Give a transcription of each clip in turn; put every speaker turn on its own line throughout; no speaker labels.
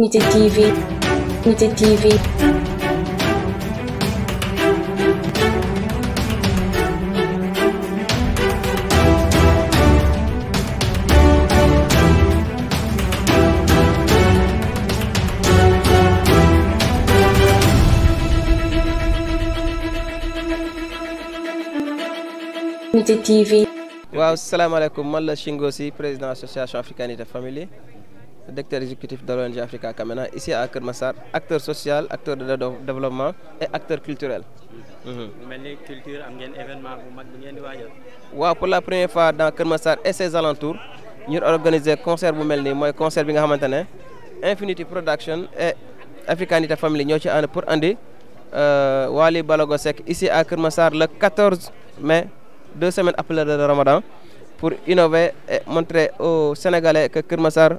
ميتيفي ميتيفي
ميتي تي في waaw salaamaaleykum man la Chingo Sy président association africaine de famille directeur exécutif de l'ONG Africa Kamena, ici à Kermassar, acteur social, acteur de développement et acteur culturel. Mhm. culture, pour la première fois dans Kermassar et ses alentours nous organisé un concert pour Melni, un concert bi nga Infinity Production et Africanité Family nous pour Andy euh, Wali Balago ici à Kermassar le 14 mai deux semaines après le Ramadan pour innover et montrer aux Sénégalais que Kermassar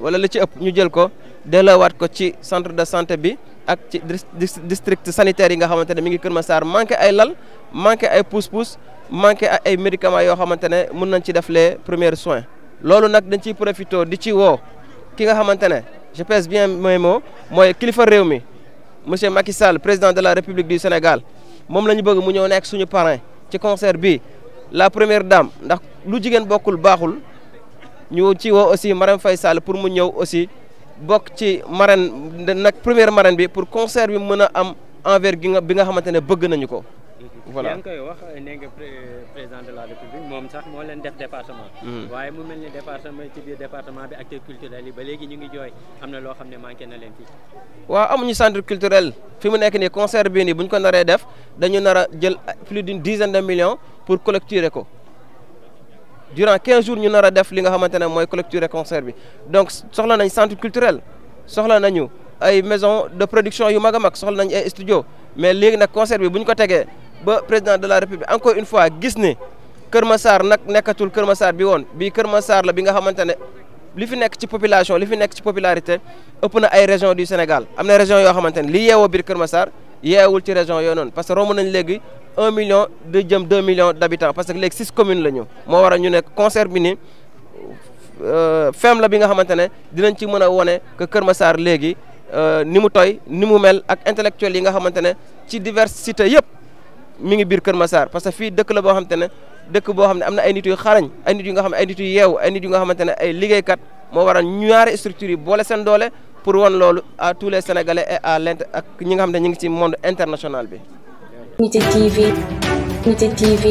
wala li ci ëpp ñu jël ko ko centre de santé bi ak district sanitaire yi nga xamante mi ngi Kër manqué ay lal ay pousse-pousse ay médicaments ne nañ ci les premiers soins loolu nag dañ ciy profité di ci je pèse bien mes mots mooy kilifa réew mi monsieur Macky président de la République du Sénégal moom la ñu bëgg mu ñëw nekk suñu parrain concert la première dame ndax lu jigéen bokkul baaxul. Nous avons aussi Marème Faisal pour nous aussi première marraine pour conserver bi am envers bi voilà
président de la république moom sax mo département. Hmm. waye mu melni département ci biir département bi culturel ba légui ñu ngi joy. amna lo xamné na
leen centre culturel fi mu plus d'une dizaine de millions pour collecter ko durant 15 jours nous avons a def li nga avons ne et concert bi donc soxla nañ centre culturel soxla nañu ay maison de production yu avons a studio mais nous avons concert bi bu ñu ko président de la république encore une fois gis Kermassar nak Massar nag nekkatul Kër Massar bi la bi nga xamantene li fi ci population li fi ci popularité ëpp na ay régions du Sénégal amna la région yo xamantene li yéwo bir y ci région yo non parce que romb nañ pas un million de jëm deux millions d'habitants. parce que les six communes la mo wara ñu concert bi ni euh, la bi nga xamantene dinañ ci mëna woné que Kër Massar euh ni toy ni mel ak intellectuel yi nga xamantene ci diversité yépp mi ngi parce que Les dëkk la bo xamantene dëkk ay nit xarañ ay nit nga ay nit ay nit nga pour wan loolu à tous les sénégalais et à l'int ak ñi nga xam ne ngi ci monde international bi.
Nitte TV Nitte TV.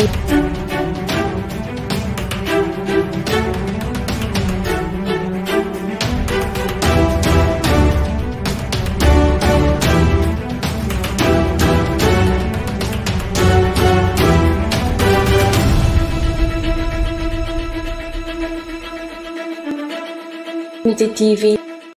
Nitte TV.